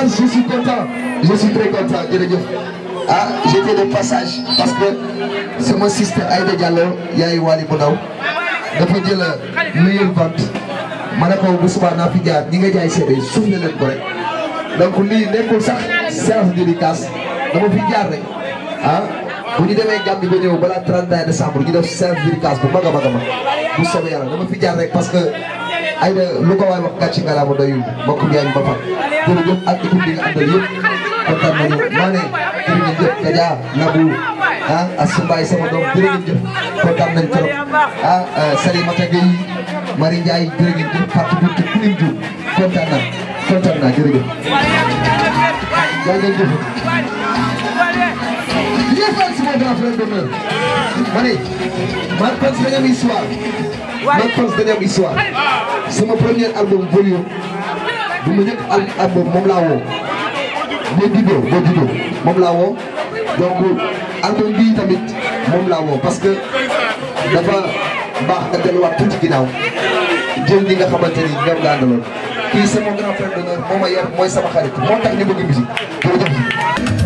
man je suis content de suis très content jërëjëf ah j'étais de passage parce que sama sister Aïda Diallo yaay Wali bu ndaw dafa jël meilleure vente ma ne ko bu subaa naa fi jaar ñi nga jaay seede suuf na leen ko rek donc lii nekkul sax séance dédicace dama fi jaar rek ah bu ñu demee Gambie ba ñëw balaa 31 décembre ñu def séance dédicace bu mag a mag a mag bu soobee yàlla dama fi jaar rek parce que. ay lu ko waay wax gàcce ngalaama doyul mbokk bi yaayu boppam jërëjëf ak équipe bi nga àndal yëpp kontaan nañu maa ne jërëjëf Kaja Nabou ah Assou Mbaye sama doom jërëjëf kontaan nañ trop ah euh, Salimata Gueye Marie Ndiaye jërëjëf Fatou Bintou Koulim Malpans mon grand frère d'honneur histoire Malpans dañu sama premier album volume bu ma ñëkk album moom laa woo boo juddoo boo juddoo moom laa wow donc album bii tamit moom laa woo parce que dafa baax nga delluwaat tuuti ginnaaw jël ñi nga xamante ni ñoom laa andaloon kii sama grand frère d'honneur moo yar mooy sama xarit moo tax ñu bëgg musique jërëjëf